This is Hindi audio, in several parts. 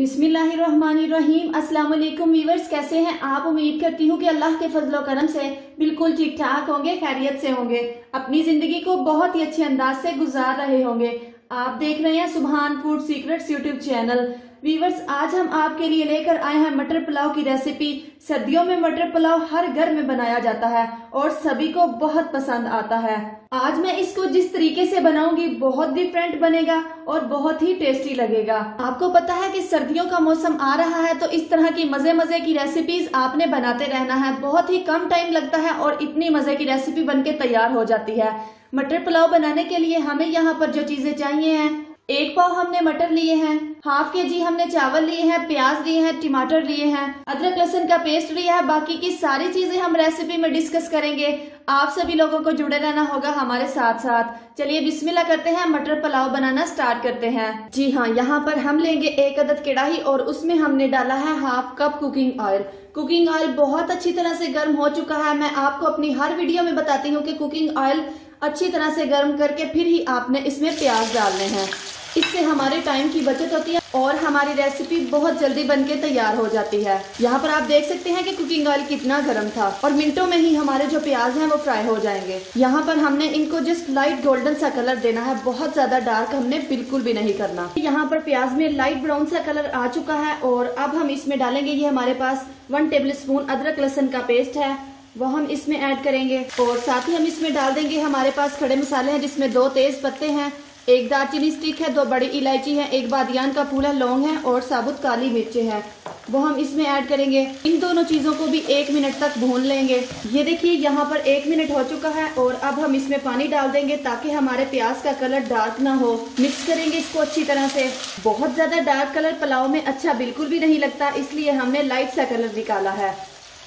बिस्मिल्लाहिर्रहमानिर्रहीम अस्सलाम वालेकुम व्यूवर्स कैसे हैं आप उम्मीद करती हूँ कि अल्लाह के फजलो करम से बिल्कुल ठीक ठाक होंगे खैरियत से होंगे अपनी जिंदगी को बहुत ही अच्छे अंदाज से गुजार रहे होंगे आप देख रहे हैं Subhan food secrets YouTube channel viewers आज हम आपके लिए लेकर आए हैं मटर पुलाव की रेसिपी सर्दियों में मटर पुलाव हर घर में बनाया जाता है और सभी को बहुत पसंद आता है आज मैं इसको जिस तरीके से बनाऊंगी बहुत डिफरेंट बनेगा और बहुत ही टेस्टी लगेगा आपको पता है कि सर्दियों का मौसम आ रहा है तो इस तरह की मजे मजे की रेसिपीज आपने बनाते रहना है बहुत ही कम टाइम लगता है और इतनी मजे की रेसिपी बन तैयार हो जाती है मटर पुलाव बनाने के लिए हमें यहाँ पर जो चीजें चाहिए है एक पाव हमने मटर लिए हैं हाफ के जी हमने चावल लिए हैं प्याज लिए हैं टमाटर लिए हैं अदरक लहसुन का पेस्ट लिया है बाकी की सारी चीजें हम रेसिपी में डिस्कस करेंगे आप सभी लोगों को जुड़े रहना होगा हमारे साथ साथ चलिए बिस्मिल्लाह करते हैं मटर पुलाव बनाना स्टार्ट करते हैं जी हाँ यहाँ पर हम लेंगे एक अदद कड़ाही और उसमें हमने डाला है half cup cooking oil cooking oil बहुत अच्छी तरह से गर्म हो चुका है मैं आपको अपनी हर वीडियो में बताती हूँ की कुकिंग ऑयल अच्छी तरह से गर्म करके फिर ही आपने इसमें प्याज डालने हैं इससे हमारे टाइम की बचत होती है और हमारी रेसिपी बहुत जल्दी बनके तैयार हो जाती है यहाँ पर आप देख सकते हैं कि कुकिंग ऑयल कितना गर्म था और मिनटों में ही हमारे जो प्याज हैं वो फ्राई हो जाएंगे यहाँ पर हमने इनको जस्ट लाइट गोल्डन सा कलर देना है बहुत ज्यादा डार्क हमने बिल्कुल भी नहीं करना यहाँ पर प्याज में लाइट ब्राउन सा कलर आ चुका है और अब हम इसमें डालेंगे ये हमारे पास वन टेबल स्पून अदरक लहसन का पेस्ट है वो हम इसमें ऐड करेंगे और साथ ही हम इसमें डाल देंगे हमारे पास खड़े मसाले हैं जिसमें दो तेज पत्ते हैं एक दालचीनी स्टिक है दो बड़ी इलायची है एक बादियान का फूल है लौंग है और साबुत काली मिर्चे हैं वो हम इसमें ऐड करेंगे इन दोनों चीज़ों को भी एक मिनट तक भून लेंगे ये देखिए यहाँ पर एक मिनट हो चुका है और अब हम इसमें पानी डाल देंगे ताकि हमारे प्याज का कलर डार्क ना हो मिक्स करेंगे इसको अच्छी तरह से बहुत ज़्यादा डार्क कलर पुलाव में अच्छा बिल्कुल भी नहीं लगता इसलिए हमने लाइट सा कलर निकाला है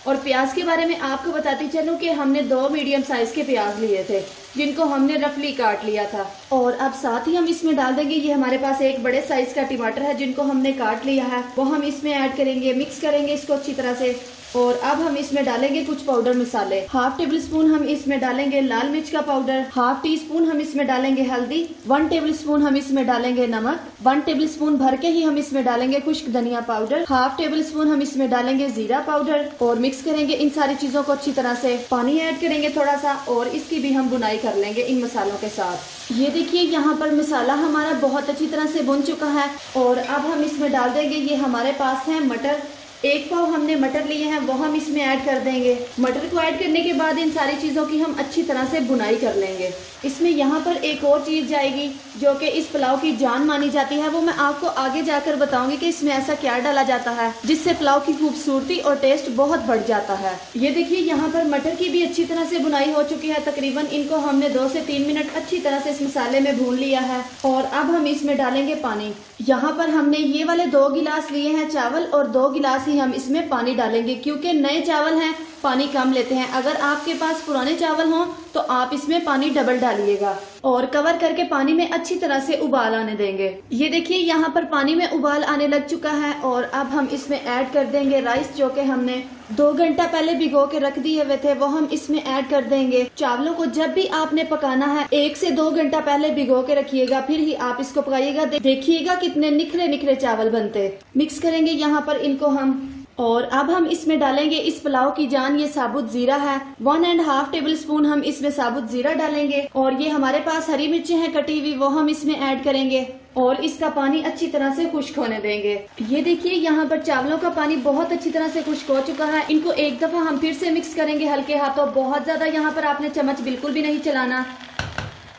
और प्याज के बारे में आपको बताती चलूँ की हमने दो मीडियम साइज़ के प्याज लिए थे जिनको हमने रफली काट लिया था और अब साथ ही हम इसमें डाल देंगे ये हमारे पास एक बड़े साइज का टमाटर है जिनको हमने काट लिया है वो हम इसमें ऐड करेंगे मिक्स करेंगे इसको अच्छी तरह से और अब हम इसमें डालेंगे कुछ पाउडर मसाले हाफ टेबल स्पून हम इसमें डालेंगे लाल मिर्च का पाउडर हाफ टी स्पून हम इसमें डालेंगे हल्दी वन टेबल स्पून हम इसमें डालेंगे नमक वन टेबल स्पून भर के ही हम इसमें डालेंगे खुश्क धनिया पाउडर हाफ टेबल स्पून हम इसमें डालेंगे जीरा पाउडर और मिक्स करेंगे इन सारी चीजों को अच्छी तरह से पानी एड करेंगे थोड़ा सा और इसकी भी हम बुनाई कर लेंगे इन मसालों के साथ ये देखिए यहाँ पर मसाला हमारा बहुत अच्छी तरह से बुन चुका है और अब हम इसमें डाल देंगे ये हमारे पास है मटर एक पाव हमने मटर लिए हैं वो हम इसमें ऐड कर देंगे मटर को ऐड करने के बाद इन सारी चीज़ों की हम अच्छी तरह से बुनाई कर लेंगे इसमें यहाँ पर एक और चीज़ जाएगी जो कि इस पुलाव की जान मानी जाती है वो मैं आपको आगे जाकर बताऊंगी कि इसमें ऐसा क्या डाला जाता है जिससे पुलाव की खूबसूरती और टेस्ट बहुत बढ़ जाता है ये देखिए यहाँ पर मटर की भी अच्छी तरह से बुनाई हो चुकी है तकरीबन इनको हमने दो से तीन मिनट अच्छी तरह से इस मसाले में भून लिया है और अब हम इसमें डालेंगे पानी यहाँ पर हमने ये वाले दो गिलास लिए हैं चावल और दो गिलास ही हम इसमें पानी डालेंगे क्योंकि नए चावल हैं पानी कम लेते हैं अगर आपके पास पुराने चावल हों तो आप इसमें पानी डबल डालिएगा और कवर करके पानी में अच्छी तरह से उबाल आने देंगे ये देखिए यहाँ पर पानी में उबाल आने लग चुका है और अब हम इसमें ऐड कर देंगे राइस जो कि हमने दो घंटा पहले भिगो के रख दिए हुए थे वो हम इसमें ऐड कर देंगे चावलों को जब भी आपने पकाना है एक से दो घंटा पहले भिगो के रखिएगा फिर ही आप इसको पकाइएगा देखिएगा कितने निखरे निखरे चावल बनते मिक्स करेंगे यहाँ पर इनको हम और अब हम इसमें डालेंगे इस पुलाव की जान ये साबुत जीरा है one and half tablespoon हम इसमें साबुत जीरा डालेंगे और ये हमारे पास हरी मिर्चें हैं कटी हुई वो हम इसमें ऐड करेंगे और इसका पानी अच्छी तरह से खुश्क होने देंगे ये देखिए यहाँ पर चावलों का पानी बहुत अच्छी तरह से खुश्क हो चुका है इनको एक दफा हम फिर से मिक्स करेंगे हल्के हाथों बहुत ज्यादा यहाँ पर आपने चम्मच बिल्कुल भी नहीं चलाना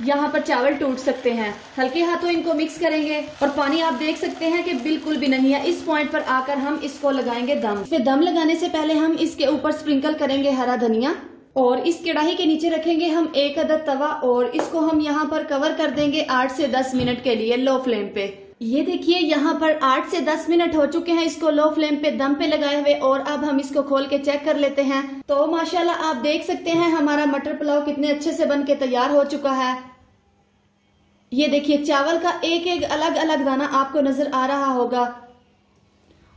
यहाँ पर चावल टूट सकते हैं हल्के हाथों इनको मिक्स करेंगे और पानी आप देख सकते हैं कि बिल्कुल भी नहीं है इस पॉइंट पर आकर हम इसको लगाएंगे दम फिर दम लगाने से पहले हम इसके ऊपर स्प्रिंकल करेंगे हरा धनिया और इस कढ़ाई के नीचे रखेंगे हम एक अदद तवा और इसको हम यहाँ पर कवर कर देंगे आठ से दस मिनट के लिए लो फ्लेम पे ये देखिए यहाँ पर आठ से दस मिनट हो चुके हैं इसको लो फ्लेम पे दम पे लगाए हुए और अब हम इसको खोल के चेक कर लेते हैं तो माशाल्लाह आप देख सकते हैं हमारा मटर पुलाव कितने अच्छे से बन के तैयार हो चुका है ये देखिए चावल का एक एक अलग अलग दाना आपको नजर आ रहा होगा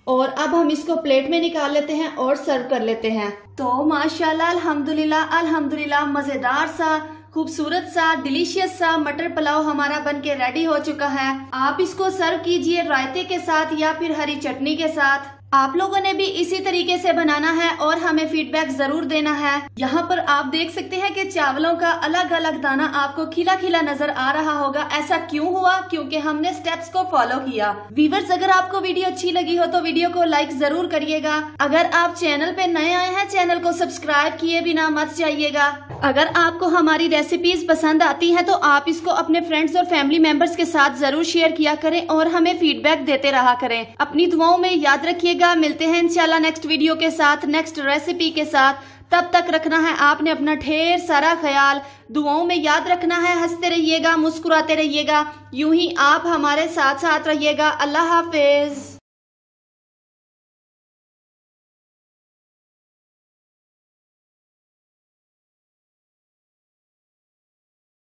और अब हम इसको प्लेट में निकाल लेते हैं और सर्व कर लेते हैं तो माशाल्लाह अल्हम्दुलिल्लाह अल्हम्दुलिल्लाह मजेदार सा खूबसूरत सा डिलीशियस सा मटर पुलाव हमारा बन के रेडी हो चुका है आप इसको सर्व कीजिए रायते के साथ या फिर हरी चटनी के साथ आप लोगों ने भी इसी तरीके से बनाना है और हमें फीडबैक जरूर देना है यहाँ पर आप देख सकते हैं कि चावलों का अलग अलग दाना आपको खिला खिला नजर आ रहा होगा ऐसा क्यों हुआ क्योंकि हमने स्टेप्स को फॉलो किया वीवर्स अगर आपको वीडियो अच्छी लगी हो तो वीडियो को लाइक जरूर करिएगा अगर आप चैनल पे नए आए हैं चैनल को सब्सक्राइब किए बिना मत जाइएगा अगर आपको हमारी रेसिपीज पसंद आती है तो आप इसको अपने फ्रेंड्स और फैमिली मेंबर्स के साथ जरूर शेयर किया करें और हमें फीडबैक देते रहा करें अपनी दुआओं में याद रखिए रखिएगा मिलते हैं इंशाल्लाह नेक्स्ट वीडियो के साथ नेक्स्ट रेसिपी के साथ तब तक रखना है आपने अपना ढेर सारा ख्याल दुआओं में याद रखना है हंसते रहिएगा मुस्कुराते रहिएगा यूं ही आप हमारे साथ साथ रहिएगा अल्लाह हाफिज़